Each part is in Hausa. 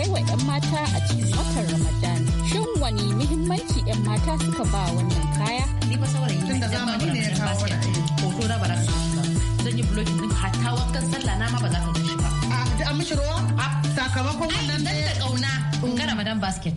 kai wa 'yan mata a cikin watan Ramadan. Shin wani muhimmanci 'yan mata suka ba wannan kaya? Ni ba saurayi tun da zamani ne ya kawo wani hoto na bara su ba. Zan yi blogin din hatta wakan sallah na ma ba za ka gashi ba. A da an mishi ruwa? Sakamakon wannan ne. da ya kauna. Ga mm. Ramadan basket.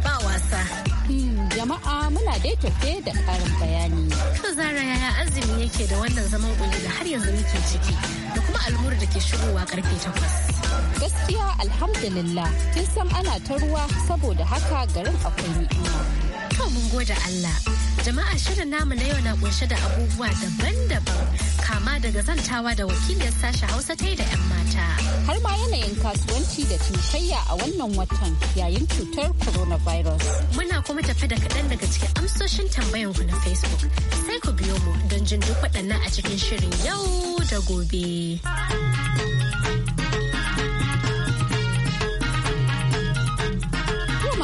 ba wasa. Hmm, jama'a muna dai tafe da ƙarin bayani. To zara yaya azumi yake da wannan zaman ƙuli da har yanzu muke ciki da kuma almuru da ke shigowa karfe takwas. Gaskiya alhamdulillah kin san ana ta ruwa saboda haka garin akwai ni'ima. To mun gode Allah. Jama'a shirin namu na yau na kunshe da abubuwa daban-daban kama daga zantawa da wakilin sashi Hausa ta yi da 'yan mata. Har ma yanayin kasuwanci da cinikayya a wannan watan yayin cutar coronavirus. Muna kuma tafi da kaɗan daga cikin amsoshin tambayan ku na Facebook. Sai ku biyo mu don jin duk waɗannan a cikin shirin yau da gobe.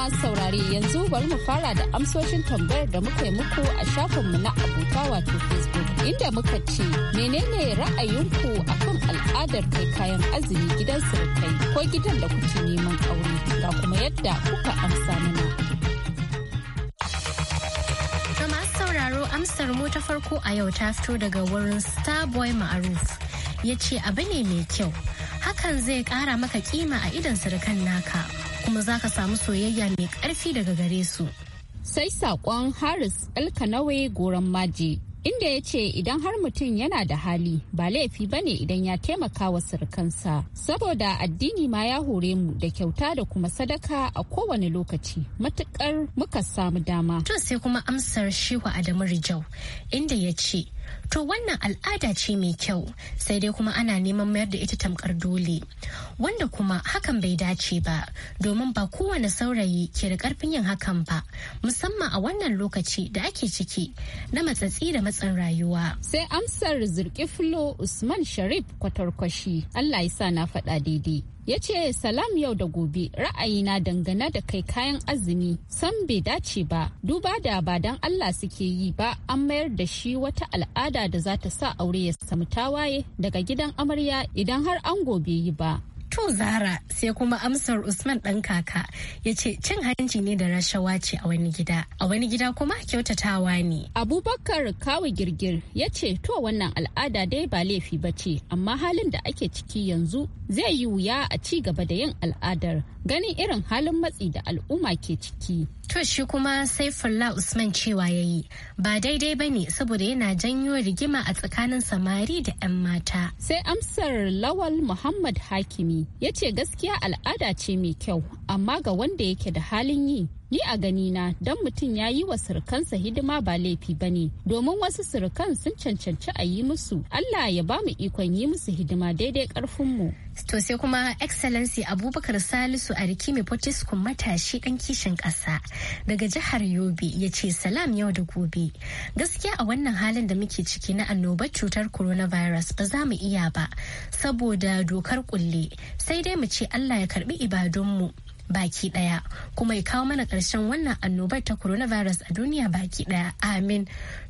masu saurari yanzu bari mu fara da amsoshin tambayar da muka yi muku a shafinmu na abota wato Facebook inda muka ce menene ra'ayinku kan al'adar kai kayan azumi gidan surukai ko gidan da kuke neman aure ga kuma yadda kuka amsa mana. sauraro amsar mu ta farko a yau ta fito daga wurin starboy ma'aruf ya ce abu ne mai kyau hakan zai kara maka kima a idon surukan naka kuma za ka samu soyayya mai ƙarfi daga gare su. Sai saƙon Haris Elkanawe Goron Maji inda ya ce idan har mutum yana da hali ba laifi bane idan ya taimaka wa sirkansa saboda addini ma ya hore mu da kyauta da kuma sadaka a kowane lokaci matukar muka samu dama to sai kuma amsar shehu adamu rijau inda ya ce to wannan al'ada ce mai kyau sai dai kuma ana neman mayar da ita tamkar dole wanda kuma hakan bai dace ba domin ba kowane saurayi ke da karfin yin hakan ba musamman a wannan lokaci da ake ciki na matsatsi da matsin rayuwa sai amsar zirki fulo usman sharif kwatarkwashi allah ya sa na faɗa daidai ya ce salam yau da gobe ra'ayina dangane da kai kayan azumi san bai dace ba duba da ba dan Allah suke yi ba an mayar da shi wata al'ada da za ta sa aure ya samu tawaye daga gidan amarya idan har an gobe yi ba To Zara sai kuma amsar Usman ɗan kaka ya ce cin hanci ne da rashawa ce a wani gida. A wani gida kuma kyautatawa ne. Abubakar kawu girgir ya ce to wannan al'ada dai ba laifi ba ce amma halin da ake ciki yanzu zai yi wuya a ci gaba da yin al'adar ganin irin halin matsi da al'umma ke ciki. To shi kuma sai Saifullah Usman cewa ya yi ba daidai ba ne saboda yana janyo rigima a tsakanin samari da 'yan mata. Sai amsar Lawal Muhammad Hakimi ya ce gaskiya al'ada ce mai kyau amma ga wanda yake da halin yi ni a ganina don mutum ya yi wa surukansa hidima ba laifi ba ne domin wasu surukan sun cancanci a yi musu allah ya ba mu ikon yi musu hidima daidai karfinmu to sai kuma excellency abubakar salisu a rikimi potiskun matashi dan kishin kasa daga jihar yobe ya ce salam yau da gobe gaskiya a wannan halin da muke ciki na annobar cutar coronavirus ba za mu iya ba saboda dokar kulle sai dai mu ce allah ya karbi ibadunmu baki daya kuma ya kawo mana karshen wannan annobar ta coronavirus a duniya baki daya amin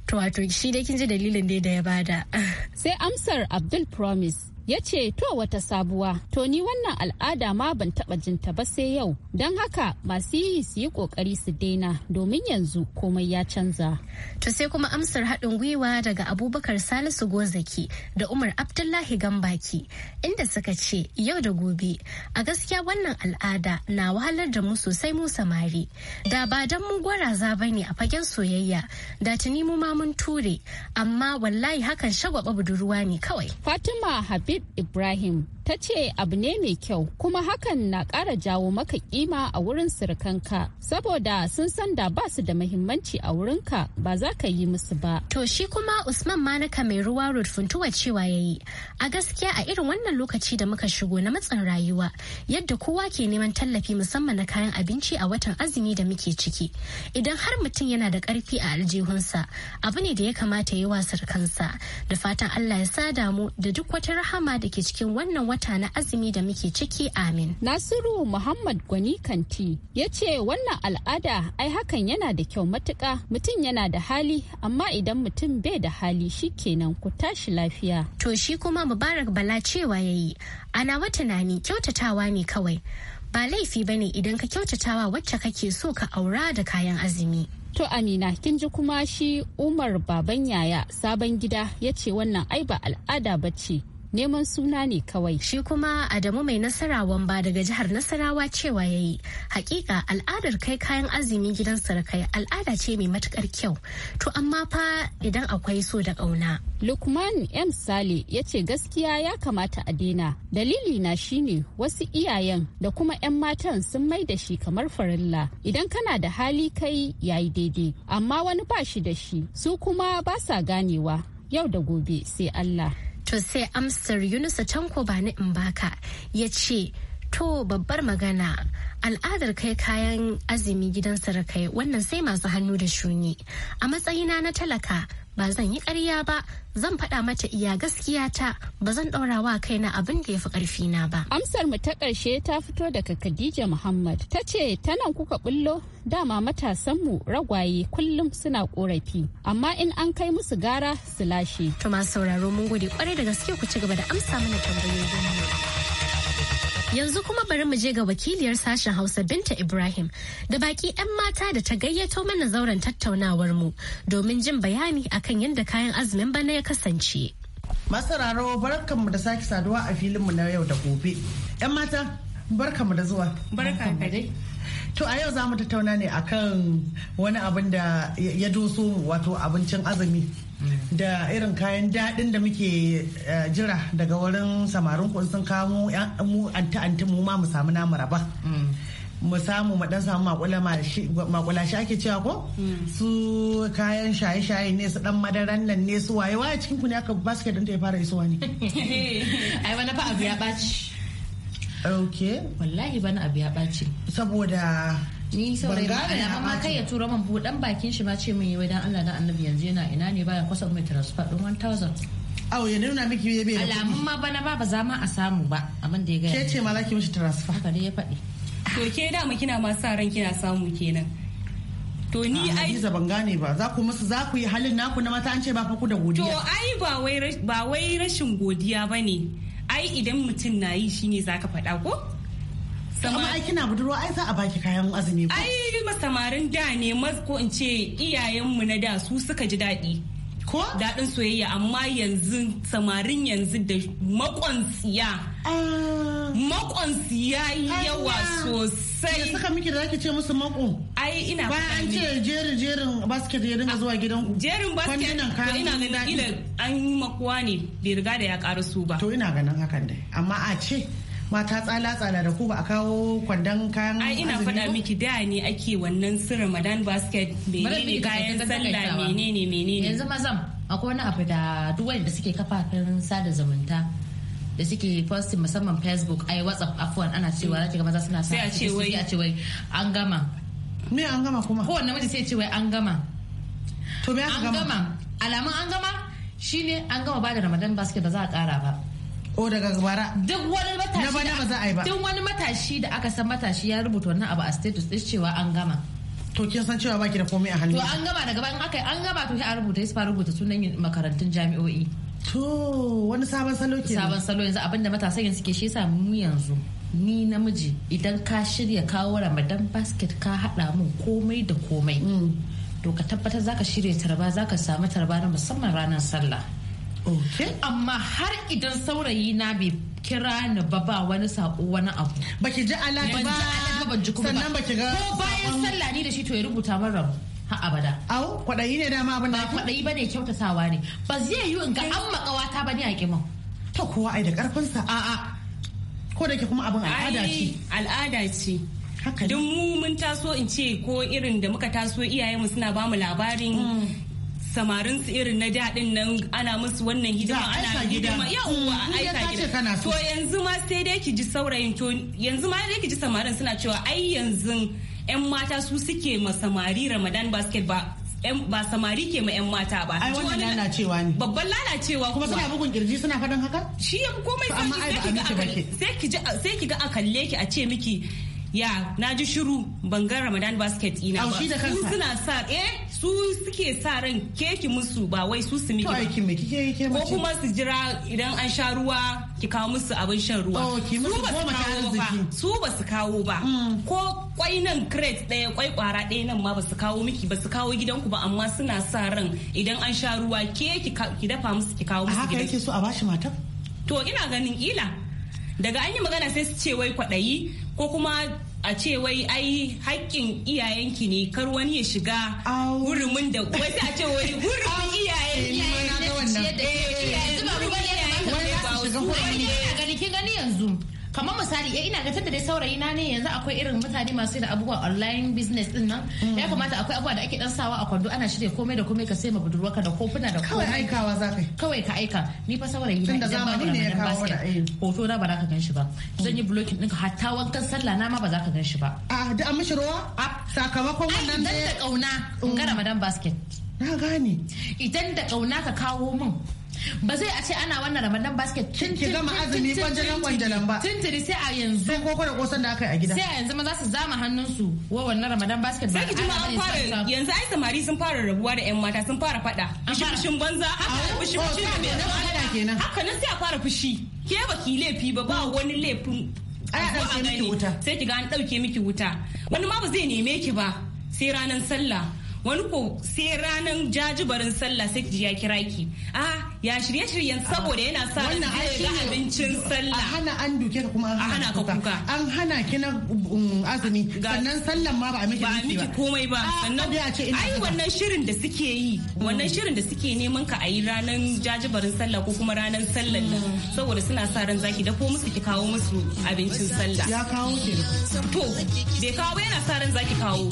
to wato shi dai kin ji dalilin da ya bada sai amsar abdul promise ya ce to wata sabuwa to ni wannan al'ada ma ban taba ta ba sai yau don haka masu yi su yi kokari su daina domin yanzu komai ya canza to sai kuma amsar haɗin gwiwa daga abubakar salisu gozaki da umar abdullahi gambaki inda suka ce yau da gobe a gaskiya wannan al'ada na wahalar da mu sosai mu samari da ba don mu gwaraza ba ne a fagen soyayya da tuni mu ma mun ture amma wallahi hakan shagwaba budurwa ne kawai fatima habi habib ibrahim ta ce abu ne mai kyau kuma hakan na ƙara jawo maka kima a wurin surukanka saboda sun san da ba su da mahimmanci a wurinka ba za ka yi musu ba. To shi kuma Usman Manaka mai ruwa rufuntuwa cewa ya yi a gaskiya a irin wannan lokaci da muka shigo na matsin rayuwa yadda kowa ke neman tallafi musamman na kayan abinci a watan azumi da muke ciki idan har mutum yana da ƙarfi a aljihunsa abu ne da ya kamata ya yi wa surukansa da fatan Allah ya sa damu da duk wata rahama da ke cikin wannan wata na azumi da muke ciki amin. Nasiru Muhammad Gwani Kanti ya ce wannan al'ada ai hakan yana da kyau matuka mutum yana da hali amma idan mutum bai da hali shi kenan ku tashi lafiya. To shi kuma Mubarak Bala cewa ya yayi ana wata nani kyautatawa ne kawai ba laifi bane idan ka kyautatawa wacce kake so ka aura da kayan azumi. To Amina, kin ji kuma shi Umar baban yaya sabon gida ya ce wannan ai ba al'ada ba ce neman suna ne kawai. Shi kuma Adamu mai nasara wamba daga jihar Nasarawa cewa ya yi. Hakika al'adar kai kayan azumi gidan sarakai al'ada ce mai matukar kyau. To amma fa idan akwai so da ƙauna. Lukman M. Sale ya ce gaskiya ya kamata a daina. Dalili na shine wasu iyayen da kuma 'yan matan sun mai da shi kamar farilla. Idan kana da hali kai yayi daidai. Amma wani ba shi da shi. Su kuma ba sa ganewa. Yau da gobe sai Allah. to sai amsar yunusa tanko ba ni in baka ya ce to babbar magana al'adar kai kayan azumi gidan sarakai wannan sai masu hannu da shuni a matsayina na talaka ba zan yi ƙarya ba zan faɗa mata iya gaskiya ta ba zan ɗaura wa kaina abin da ya fi ƙarfina ba. Amsar mu ta ƙarshe ta fito daga Khadija Muhammad ta ce tanan kuka bullo dama matasan mu ragwaye kullum suna ƙorafi amma in an kai musu gara su lashe. To masu sauraro mun gode kwarai da gaske ku ci gaba da amsa mana tambayoyin mu. Yanzu kuma bari mu je ga wakiliyar sashen Hausa Binta Ibrahim da baki 'yan mata da ta gayyato mana zauren tattaunawar mu domin jin bayani akan yadda kayan azumin bana ya kasance. Masararo barkanmu da sake saduwa a filinmu na yau da gobe. 'Yan mata barkanmu da zuwa. Barka dai. To a yau za mu tattauna ne akan wani abin da ya doso wato abincin azumi. da irin kayan daɗin da muke eh, jira daga wurin samarin kun sun kamo mu anti anti mu ma mu samu namu raba mm. mu samu mu dan samu makula shi ake cewa ko mm. su kayan shaye-shaye ne su dan madaran nan ne su waye waye cikin ku ne aka basket din ta ya fara isuwa ne ai wani fa abu ya ɓaci okay wallahi bana abu ya ɓaci saboda ni saurayi ma alama ma kai ya tura man buɗan bakin shi ma ce min wai dan Allah na annabi yanzu yana ina ne baya kusa mai transfer din 1000 awo ya nuna miki ya bai alamun ma bana ba ba za ma a samu ba abin da ya gaya ke ce ma laki mishi transfer haka dai ya faɗi to ke mu kina ma sa ran kina samu kenan to ni ai za ban gane ba za ku musu za ku yi halin naku na mata an ce ba fa ku da godiya to ai ba wai ba wai rashin godiya bane ai idan mutum na yi shine zaka faɗa ko amma ai kina budurwa ai za a baki kayan azumi ko ai masamarin da ne ko in ce iyayenmu na da su suka ji daɗi ko daɗin soyayya amma yanzu samarin yanzu da makonsiya ah. makonsiya yawa sosai da suka miki da zaki ce musu mako ai ina ba an ce jerin jerin basket ya dinga ah, zuwa gidan ku jerin basket to ina ganin ila an yi makuwa ne bai riga da ya karu su ba to ina ganin hakan dai amma a ce mata tsala-tsala da ku ba a kawo kwandon kayan azumi ina faɗa miki da ne ake wannan su ramadan basket menene kayan sallah menene menene yanzu mazam akwai wani abu da duk wanda suke kafafen sada zumunta da suke posting musamman facebook ai whatsapp afuwan ana cewa zaki ga maza suna sa sai a ce wai an gama me an gama kuma kowanne namiji sai ce wai an gama to me aka gama alamun an gama shine an gama ba da ramadan basket ba za a kara ba o daga gabara. duk wani matashi na ba za a yi ba duk wani matashi da aka san matashi ya rubuta wannan abu a status din cewa an gama to kin san cewa baki da komai a hannu to an gama daga bayan aka an gama to sai a rubuta sai rubuta sunan makarantun jami'o'i to wani sabon salo ke sabon salo yanzu abinda matasan yanzu ke shi yasa mu yanzu ni namiji idan ka shirya kawo ramadan basket ka hada mun komai da komai mm. to ka tabbatar zaka shirya tarba zaka samu tarba na musamman ranar sallah amma har idan saurayi na bai kira ni ba ba wani sako wani abu baki ji alaƙa ba ban ji kuma sannan baki ga ko bayan sallah ni da shi to ya rubuta min rabu har abada au kwaɗayi ne dama abin da ba kwaɗayi bane kyautatawa ne ba zai yi in ga an makawata ba ni a kiman to kowa ai da karfin sa a'a ko da ke kuma abin al'ada ce al'ada ce haka duk mu mun taso in ce ko irin da muka taso iyayenmu suna bamu labarin mm. samarin su irin na daɗin nan ana musu wannan hidima ana hidima a aika gida mm, to yanzu ma sai dai ki ji saurayin to yanzu ma dai ki ji samarin suna cewa ai yanzu yan mata su suke ma samari ramadan basket ba ba samari ke ma 'yan mata ba. Ai wannan lalacewa ne. Babban lalacewa kuma. suna bugun kirji suna fadan haka? Shi ya komai sai ki ga a kalle ki a ce miki ya na ji shiru ban Ramadan basket ina ba. Su suna sa eh su suke sa ran keki musu ba wai su su miki ba ko kuma su jira idan an sha ruwa ki kawo musu abin shan ruwa oh, su ba su kawo ba hmm. ko kwai nan crate ɗaya kwai kwara ɗaya nan ma ba su kawo miki ba su kawo gidanku ba amma suna sa ran idan an sha ruwa ke ki dafa musu ki kawo musu gidan haka yake so a bashi mata to ina ganin kila daga an yi magana sai su ce wai kwaɗayi ko kuma a ce wai ai hakkin iyayenki ne kar wani ya shiga hurumin da wasu a ce wai hurumin eh, eh, eh, iyayen iyayen yanzu ba ruwa ne ba su shiga hurumin iyayen gani yanzu kamar misali ya eh, ina gatar da dai saurayi na ne yanzu akwai irin mutane masu da abubuwa online business din nan mm. ya kamata akwai abubuwa da ake dan sawa a kwando ana shirya komai da komai ka sai ma da kofuna da komai kawai aikawa za ka kawai ka aika ni fa saurayi na idan ba ne ya kawo da eh. hoto na ba za ka ganshi ba zan yi blocking ɗinka hatta wankan sallah na ma ba za ka ganshi ba a da an mishi ruwa sakamakon wannan ne da kauna in ga mm. madan basket na gane idan da kauna ka kawo min ba zai a ce ana wannan ramadan basket tun ki gama azumi kwanjalan kwanjalan ba tun tuni sai a yanzu sai koko da kosan da aka yi a gida sai a yanzu ma za su zama hannun su wa wannan ramadan basket ba sai ki ji ma an fara yanzu ai samari sun fara rabuwa da yan mata sun fara fada fushin banza haka fushi fushi oh, kenan haka nan sai a fara fushi ke baki laifi ba ba wani laifin ai a dauke miki wuta sai ki ga an dauke miki wuta wani ma ba zai neme ki ba sai ranar sallah wani ko sai ranar jajibarin sallah sai ki ya kira ki a ah, ya shirye-shiryen ah. saboda yana sa da zai ga abincin sallah a hana an duke ka kuma a hana ka kuka an hana ki na um, azumi ah, sannan sallan ma ba a miki ba a miki komai ba ah, sannan ai wannan shirin da suke yi hmm. wannan shirin da suke neman ka a yi ranan jajibarin sallah ko kuma ranan sallan nan hmm. saboda suna sa ran zaki dafo musu ki kawo musu abincin sallah ya kawo ki to bai kawo ba yana sa ran zaki kawo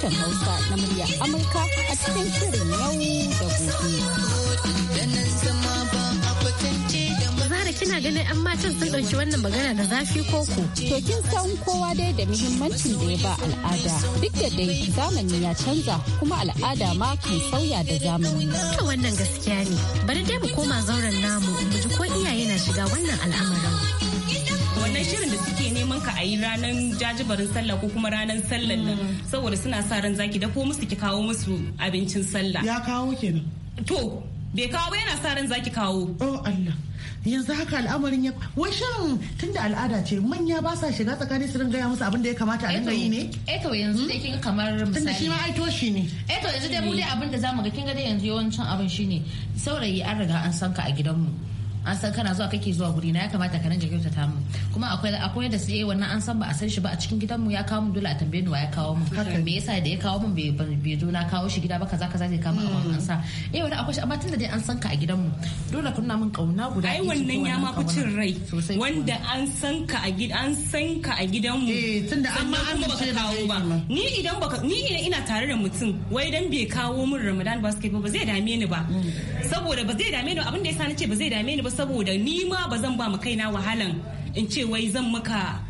sashen Hausa na murya Amurka a cikin shirin yau da gobe. kina ganin an matan sun ɗauki wannan magana da zafi ko ku To kin san kowa dai da muhimmancin da ya ba al'ada. Duk da dai zamani ya canza kuma al'ada ma kan sauya da zamani. To wannan gaskiya ne. Bari dai mu koma zauren namu mu ji ko iyaye na shiga wannan al'amarin. Wannan shirin da suke ka a yi ranar jajibarin sallah ko kuma ranar sallar nan mm. saboda suna sa ran zaki dafo musu ki kawo musu abincin sallah ya kawo kenan to bai kawo ba yana sa ran zaki kawo oh Allah yanzu haka al'amarin ya wai shin tunda al'ada ce manya ba sa shiga tsakanin su ya musu abin da ya kamata a dinga yi ne eh to eh yanzu dai kin kamar misali tunda shi ma ai toshi ne eh to yanzu dai mu dai eh. abin da zamu ga kin ga dai yanzu yawancin abin shine saurayi an riga an san ka a gidanmu an san kana zuwa kake zuwa guri na ya kamata ka rinka kyautata mu kuma akwai akwai da sai eh, wannan an san ba a san shi ba a cikin gidanmu ya kawo mun dole a tambaye ni wa ya kawo mun me yasa da ya kawo mun bai zo na kawo shi gida ba kaza kaza zai kama a an sa mm. eh wani akwai shi amma tunda dai an san ka a gidanmu dole kunna nuna min kauna guda ai wannan ya ma fi cin rai wanda an san ka a gidan an san ka a gidanmu eh tunda an ma ka kawo ba ni idan baka ni ina tare da mutum wai dan bai kawo min Ramadan basket ba ba zai dame ni ba mm. saboda ba zai dame ni abin da yasa nace ba zai dame ni ba ba saboda ni ma ba zan ba mu kaina wahalan in ce wai zan maka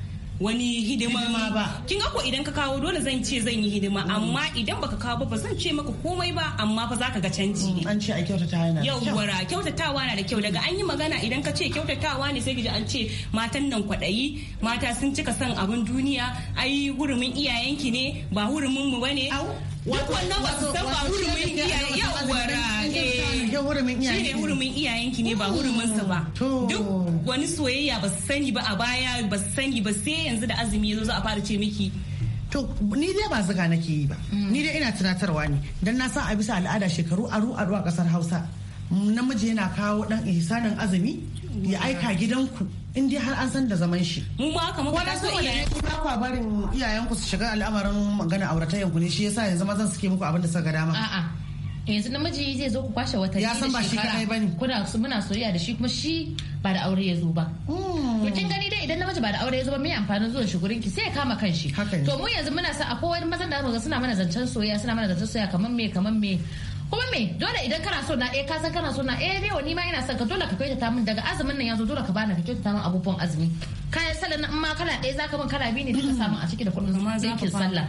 wani hidima ba kin ga ko idan ka kawo dole zan ce zan yi hidima mm. amma idan baka kawo ba zan ce maka komai ba amma fa zaka ga canji mm, an ce a yana na yawwara kyautatawa na da kyau daga an yi magana idan ka ce kyautatawa ne sai kiji an ce matan nan kwadayi mata sun cika son abin duniya ai hurumin iyayenki ne ba hurumin mu bane wannan ba su eh, hurumin shine hurumin iyayenki ne ba hurumin ba duk wani soyayya ba su sani ba a baya ba su sani ba sai yanzu da azumi ya zo a fara ce miki to ni dai ba zuga nake yi ba mm. ni dai ina tunatarwa ne don na san a bisa al'ada shekaru aru aru a ƙasar Hausa namiji yana kawo dan ihsanin azumi ya aika gidanku in dai har an san da zaman shi mu ba haka muka taso da yayi ba ku barin iyayenku su shiga al'amarin magana auratayyan ne shi yasa yanzu mazan suke muku abin da suka ga dama a'a yanzu namiji zai zo ku kwashe watanni ya san ba shi kai bane kuna muna soyayya da shi kuma shi ba da aure ya zo ba hmm. kin gani dai idan namiji ba da aure ya zo ba mai amfanin zuwan shi gurin ki sai ya kama kanshi to mu yanzu muna sa akwai wani mazan da aka suna mana zancen soyayya suna mana zancen soyayya kamar me kamar me kuma me dole idan kana so na eh ka san kana so na eh dai wani ma ina son ka dole ka kyautata min daga azumin nan yazo dole ka bana ka kyautata min abubuwan azumi kayan sallah in ma kana ɗaya zaka bin kana biyu ne duka samu a ciki da kuɗin ke sallah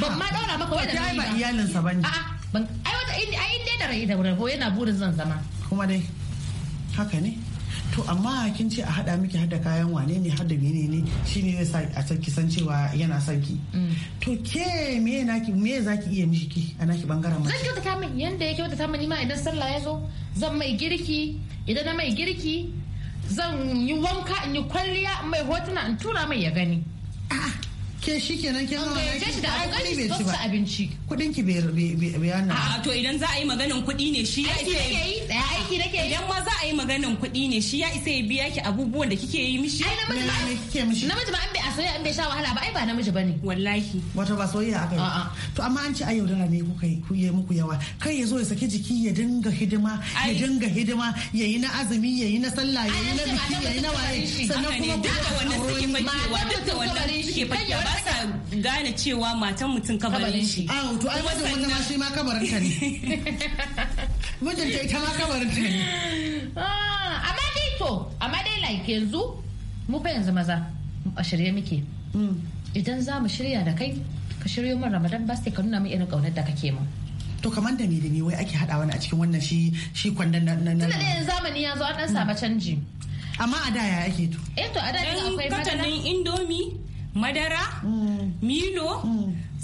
ban ma daura maka wanda ba iyalin sa bane a'a ban ai wata ai dai da rai da rabo yana burin zan zama kuma dai haka ne to amma kin ce a hada miki hada kayan wane ne hada mene ne shine ne a sarki san cewa yana sarki mm. to ke me naki me zaki iya mishi ki a naki bangaren mace zan kyautata min yanda ya kyautata min ma idan sallah ya zo zan mai girki idan na mai girki zan yi wanka in yi kwalliya mai hotuna in tura mai ya gani ke shi kenan ke nawa ne shi da alƙali bai ci ba abinci ki bai bai a to idan za a yi maganin kuɗi ne shi ya ce aiki nake idan ma za a yi maganan kuɗi ne shi ya isa ya biya ki abubuwan da kike yi mishi ai namiji ba kike mishi namiji ba an bai a soyayya an bai sha wahala ba ai ba namiji bane wallahi wato ba soyayya aka yi to amma an ce ai yaudara ne kuka yi ku yi muku yawa kai ya zo ya saki jiki ya dinga hidima ya dinga hidima ya yi na azumi ya yi na sallah ya yi na biki ya yi na waye sannan kuma ku da wannan suke fakewa duka wannan suke fakewa ba sa gane cewa matan mutum kabarin shi a to ai wajen wannan ma shi ma kabarin ka ne mijinta ita ma kamar ta ne ah, amma dai to amma dai like yanzu mu fa yanzu maza a shirye muke mm. idan za mu shirya da kai ka shiryo min ramadan ba sai ka nuna min irin ƙaunar da kake min to kamar da me da me wai ake hada wani a cikin wannan shi shi kwandon na na na tunda zamani ya zo an dan samu mm. canji amma a da ya ake to eh to a da akwai madara katanin indomi madara mm. milo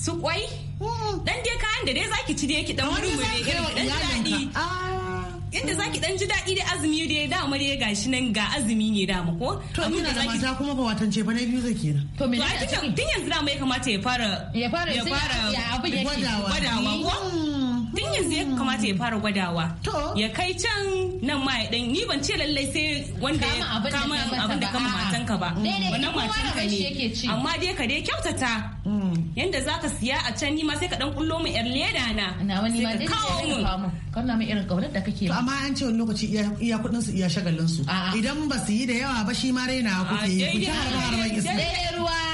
su kwai Dan dai kayan da dai zaki ci dai ki dan murmure irin dan daɗi. Ah. Yadda zaki dan ji daɗi da azumi dai da ya ga dai gashi nan ga azumi ne da mu ko. To ina da mata kuma ba watan ba ne biyu zai na To me ne? Tun yanzu da mai kamata ya fara ya fara ya fara gwadawa ko. tun yanzu ya kamata ya fara gwadawa ya kai can nan ma ya dan ni ban ce lallai sai wanda ya kama abin da kama matan ka ba wannan matan ka ne amma dai ka dai kyautata mm. yanda ka siya a can ni ma sai ka dan kullo mu yar leda na na wani kawo mu kana mai irin kaunar da kake to amma an ce wani lokaci iya kudin su iya shagalin su idan ba su yi da yawa ba shi ma raina kuke yi ku ta harba harban iska ruwa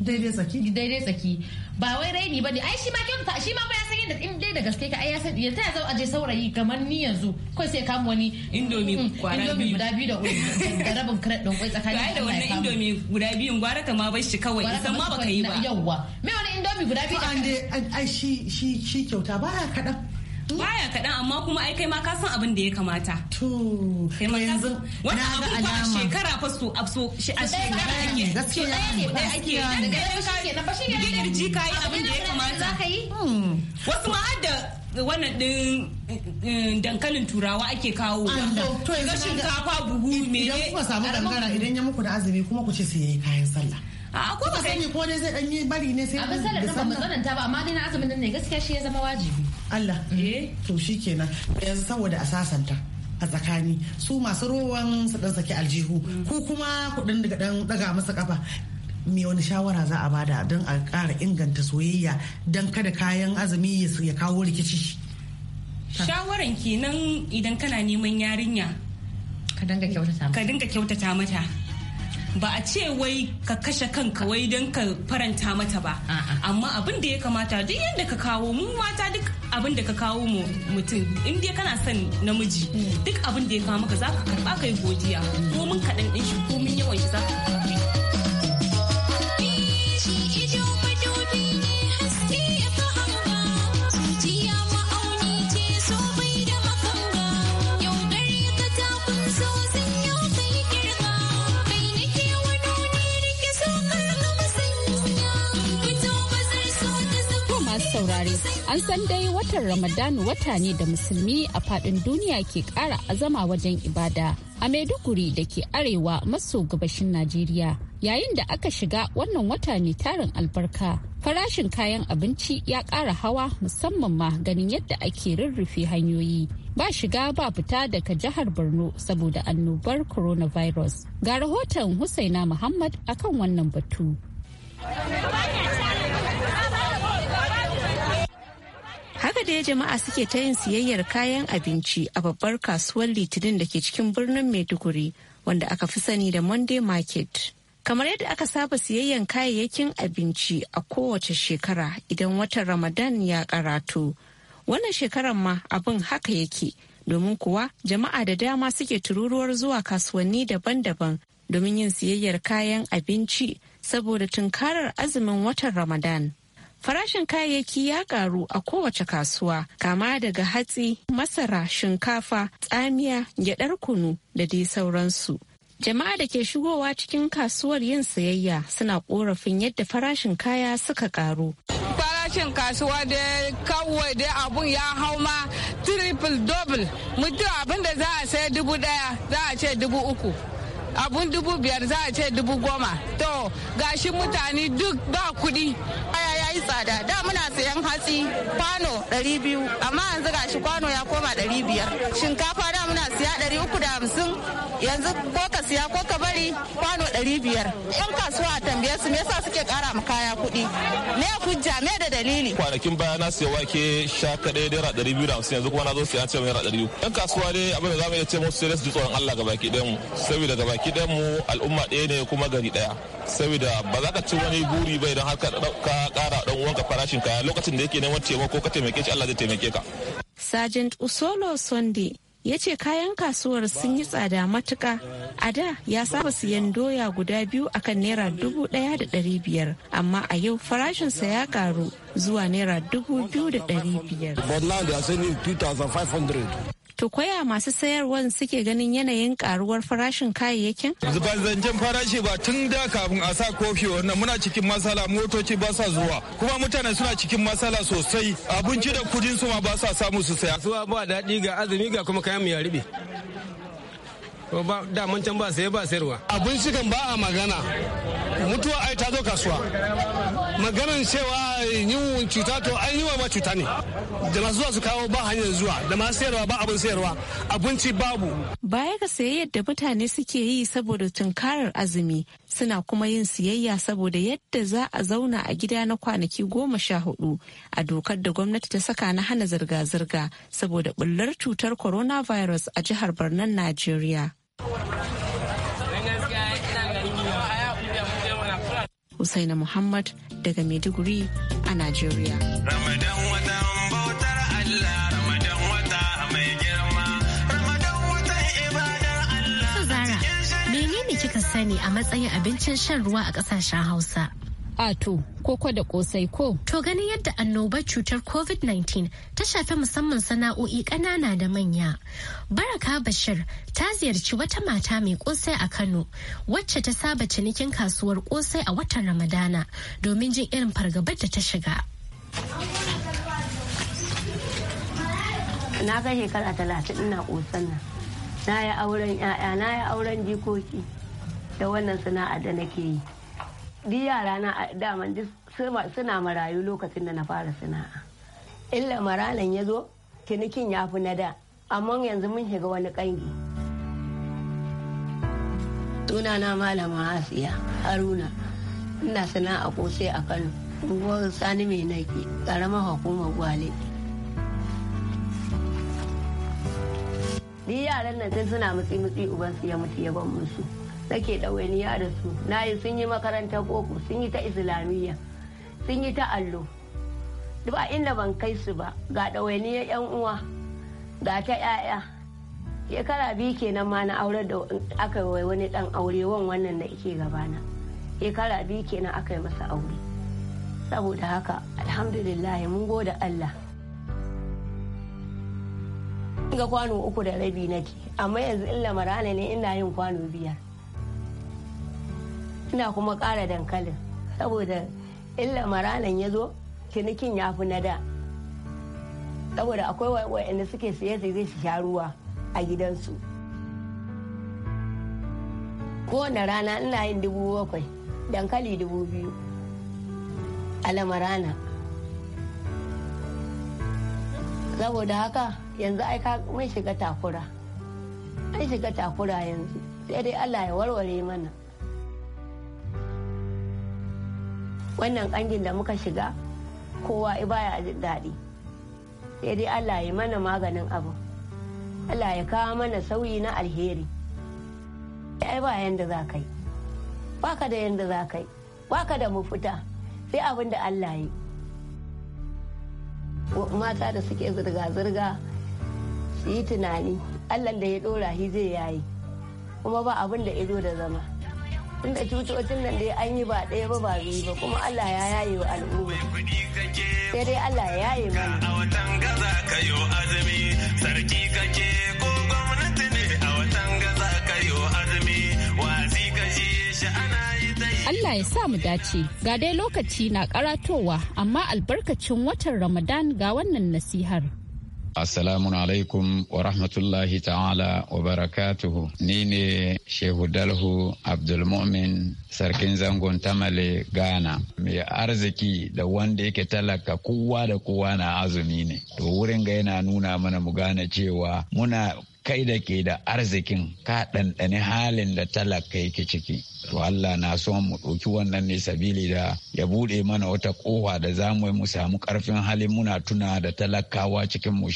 daidai tsaki daidai tsaki ba wai raini bane ai shi ma kyauta shi ma ba ya san yadda in dai da gaske ka ai ya san yanta zau aje saurayi kamar ni yanzu kai sai kamu wani indomi mm, kwana biyu guda biyu da uku da rabin kret din kwai tsakanin da wannan indomi guda biyu gwara ta ma bashi kawai san ma baka yi ba yawwa me wani indomi guda biyu da an ai shi shi shi kyauta ba ya kadan baya kaɗan amma kuma ai kai ma ka san abin da ya kamata. To kai ma ka san wannan abin ba shekara fa so a so a shekara ake gaskiya ne da ake da dai ka ke na fashi ne girji ka yi abin da ya kamata. Hmm. Wasu ma har da wannan din eh, dankalin turawa ake kawo to ga shinkafa buhu me idan kuka samu dangara idan ya muku da azumi kuma ku ce ya yi kayan sallah a ko ba sani ko dai zai dan yi bari ne sai abin sallah ba matsananta ba amma dai na azumin nan ne gaskiya shi ya zama wajibi Allah mm. eh, to shi kenan yanzu saboda a sasanta a tsakani su masu rowan su dan saki aljihu mm. ko kuma kudin daga dan daga masa kafa me wani shawara za a bada don a ƙara inganta soyayya don kada kayan azumi ya kawo rikici shawaran kenan idan kana neman yarinya ka dinga kyautata mata ba a ce wai ka kashe kanka wai don ka faranta mata ba amma abin da ya kamata duk yadda ka kawo mu mata duk abin da ka kawo mu mutum in dai kana son namiji hmm. duk abin da ya kawo maka za ka karba ka yi godiya ko mun kaɗan ɗin shi ko mun yawan shi za ka An san dai watan Ramadan wata ne da musulmi a faɗin duniya ke ƙara azama wajen ibada a Maiduguri da ke arewa maso gabashin Najeriya. Yayin da aka shiga wannan wata ne tarin albarka, farashin kayan abinci ya ƙara hawa musamman ma ganin yadda ake rurrufe hanyoyi. Ba shiga ba fita daga jihar Borno saboda annobar coronavirus. Ga rahoton Husaina Muhammad akan wannan batu. haka dai jama'a suke ta yin siyayyar kayan abinci a babbar kasuwar litinin da ke cikin birnin maiduguri wanda aka fi sani da monday market kamar yadda aka saba siyayyan kayayyakin abinci a kowace shekara idan watan ramadan ya karatu wannan shekarar ma abin haka yake domin kuwa jama'a da dama suke tururuwar zuwa kasuwanni daban-daban domin yin siyayyar kayan abinci saboda tunkarar azumin watan ramadan Farashin kayayyaki ya karu a kowace kasuwa, kama daga hatsi, masara, shinkafa, tsamiya, gyadar kunu da dai sauransu. Jama'a da ke shigowa cikin kasuwar yin sayayya suna korafin yadda farashin kaya suka karu. farashin kasuwa da kawai da abun ya hau ma triple double mutum abin da za a sai dubu daya za a ce dubu uku abun dubu biyar za a ce dubu goma to gashi mutane duk ba kudi yi tsada da muna sayan hatsi kwano 200 amma yanzu gashi kwano ya koma 500 shinkafa muna siya ɗari uku da hamsin yanzu ko ka siya ko ka bari kwano ɗari biyar yan kasuwa a tambaye su me yasa suke ƙara ma kaya kuɗi me hujja me da dalili kwanakin baya na siya wake sha kaɗe naira ɗari biyu da hamsin yanzu kuma na zo siya ce naira ɗari uku yan kasuwa dai abin da za mu iya ce musu sai su ji tsoron Allah gabaki ɗayan mu saboda gabaki ɗayan mu al'umma ɗaya ne kuma gari ɗaya saboda ba za ka ci wani buri ba idan har ka ƙara ɗan uwanka farashin kaya lokacin da yake neman taimako ka taimake shi Allah zai taimake ka. Sergeant Usolo Sunday ya ce kayan kasuwar sun yi tsada matuka a da ya saba siyan doya guda biyu akan naira dubu daya da dari biyar amma a yau farashinsa ya karu zuwa naira dubu biyu da dari biyar To koya masu sayarwar suke ganin yanayin karuwar farashin kayayyakin? ba zancen farashi ba tun da kafin a sa kofi wannan muna cikin masala motoci ba sa zuwa kuma mutane suna cikin masala sosai abinci da kudin su ma ba sa samu su saya. Zuwa ba daɗi ga azumi ga kuma kayan mu ya ribe. mun can ba sai ba sayarwa. Abin shigan ba a magana. mutuwa ai ta zo kasuwa maganan cewa yin cuta to an yi wa ma cuta ne da masu zuwa su kawo ba hanyar zuwa da masu sayarwa ba abin sayarwa abinci babu baya ga sayayyar da mutane suke yi saboda tunkarar azumi suna kuma yin siyayya saboda yadda za a zauna a gida na kwanaki goma sha hudu a dokar da gwamnati ta saka na hana zirga-zirga saboda bullar cutar coronavirus a jihar Barnan Najeriya. Hussaina Muhammad daga Maiduguri a Najeriya. Ramadan wata Allah, Ramadan wata mai girma, ibadar Zara, menene kika sani a matsayin abincin shan ruwa a ƙasashen Hausa? ato koko da kosai ko. To ganin yadda annobar cutar COVID-19 ta shafi musamman sana'o'i ƙanana da manya. Baraka Bashir ta ziyarci wata mata mai kosai a Kano wacce ta saba cinikin kasuwar kosai a watan Ramadana domin jin irin fargabar da ta shiga. Na ga shekara talatin ina kosan nan. Na yi auren 'ya'ya, na yi auren jikoki da wannan sana'a da nake yi. di yara na daman suna marayu lokacin da na fara sana'a illa maralan ya zo cinikin ya fi na da amma yanzu mun shiga wani kangi sunana malama asiya haruna ina sana'a sai a kano unguwar sani mai naki karamar hukumar gwale di yaran nan sai suna mutsi mutsi uban su ya mutu ya ban musu take ɗawainiya da su na yi sun yi makarantar boko sun yi ta islamiyya sun yi ta allo duk a inda ban kai su ba ga ɗawainiya yan uwa ga ta 'ya'ya shekara biyu kenan ma na aure da aka yi wani dan aure wan wannan da ke gabana shekara biyu kenan aka yi masa aure saboda haka alhamdulillah mun gode allah ga kwano uku da rabi nake amma yanzu illa marana ne ina yin kwano biyar ina kuma ƙara dankalin saboda illa maranan ya zo cinikin ya fi na da saboda akwai waɗanda suke siye zai su sha ruwa a gidansu kowane rana ina yin dubu bakwai dankali dubu biyu alamarana saboda haka yanzu ai mai shiga takura an shiga takura yanzu sai dai allah ya warware mana wannan kangin da muka shiga kowa baya jin daɗi sai dai allah ya mana maganin abu allah ya kawo mana sauyi na alheri ai ba yanda za ka yi baka da yanda za ka yi baka da mafuta sai abin da allah yi mata da suke zirga-zirga su yi tunani allah da ya dora shi zai yayi kuma ba abin da ido da zama tunda cutocin nan dai an yi ba ɗaya ba ba biyu ba kuma Allah ya yaye wa al'umma sai dai Allah ya yaye mana a watan gaza ka wa azumi sarki kake ko gwamnati ne a watan gaza ka wa azumi wasi yi zai. Allah ya sa mu dace ga dai lokaci na karatowa amma albarkacin watan Ramadan ga wannan nasihar Assalamu alaikum wa rahmatullahi ta'ala wa barakatuhu. Ni ne Shehu Dalhu Abdulmumin Sarkin Zangon Tamale Ghana. Mai arziki da wanda yake talaka kowa da kowa na azumi ne. To wurin ga yana nuna mana mu gane cewa muna kai da ke da arzikin ka ɗanɗani halin da talaka yake ciki to Allah na so mu ɗauki wannan ne sabili da ya buɗe mana wata ƙofa da za mu mu samu ƙarfin halin muna tuna da talakawa cikin mu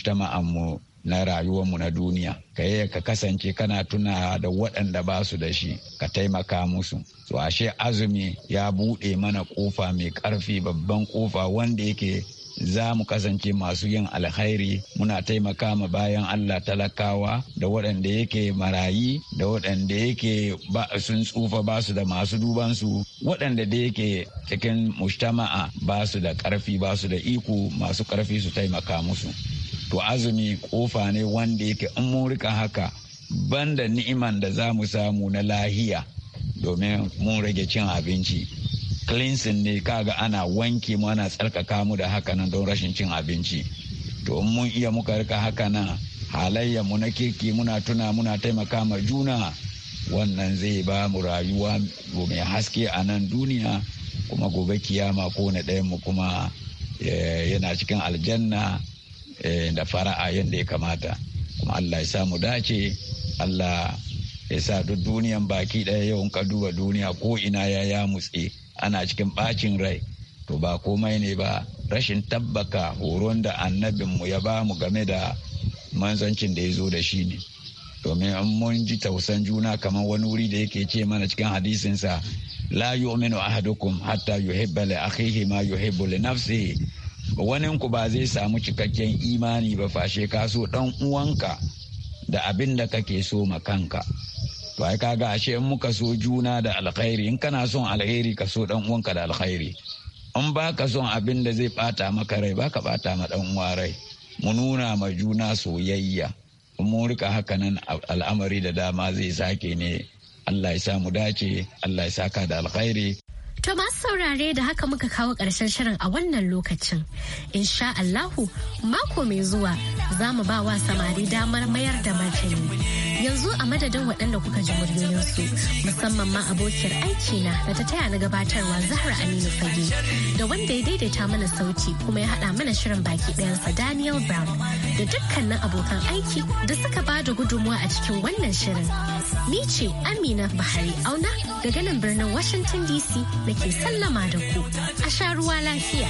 na rayuwarmu na duniya ka yi ka kasance kana tuna da waɗanda ba su da shi ka taimaka musu to ashe azumi ya buɗe mana ƙofa mai ƙarfi babban ƙofa wanda yake za mu kasance masu yin alkhairi muna taimaka ma bayan Allah talakawa da waɗanda yake marayi da waɗanda yake sun tsufa ba su da masu dubansu waɗanda da yake cikin mujtama'a ba su da ƙarfi ba su da iko masu ƙarfi su taimaka musu to azumi kofa ne wanda yake in mun rika haka banda ni'iman da za mu samu na lahiya domin mun rage cin abinci cleansing ne kaga ana wanke mu ana tsarkaka mu da haka nan don rashin cin abinci to mun iya muka rika haka nan halayya mu na kirki muna tuna muna taimaka ma juna wannan zai ba mu rayuwa mai haske a nan duniya kuma gobe kiyama ko na ɗayan mu kuma eh, yana cikin aljanna eh, da fara'a yadda ya kamata kuma allah ya sa mu dace allah ya sa duk duniyan baki ɗaya yau in ka duba duniya ko ina ya ya mutse ana cikin ɓacin rai to ba komai ne ba rashin tabbaka horon da annabinmu ya ba mu game da manzancin da ya zo da shi ne domin an mun ji tausan juna kamar wani wuri da yake ce mana cikin hadisinsa la yu'minu ahadukum hatta yuhibba li akhihi ma yuhibbu li nafsihi wani ku ba zai samu cikakken imani ba fashe ka so dan uwanka da abin da kake so ma kanka to ai kaga ashe in muka so juna da alkhairi in kana son alkhairi ka so dan uwanka da alkhairi in ba ka son abin da zai bata maka rai ba ka bata ma dan uwa rai mu nuna ma juna soyayya in mun rika nan al'amari da dama zai sake ne Allah ya sa mu dace Allah ya saka da alkhairi To masu saurare da haka muka kawo ƙarshen shirin a wannan lokacin. Insha Allahu mako mai zuwa za mu ba wa samari damar mayar da martani. Yanzu a madadin waɗanda kuka ji muryoyinsu musamman ma abokiyar na da ta taya na gabatarwa Zahra Aminu Fage da wanda ya daidaita mana sauti kuma ya haɗa mana shirin baki ɗayansa Daniel Brown da dukkanin abokan aiki da suka ba da gudunmuwa a cikin wannan shirin. Ni ce Amina Bahari Auna daga nan birnin Washington DC da ke sallama da ku. A sha ruwa lafiya.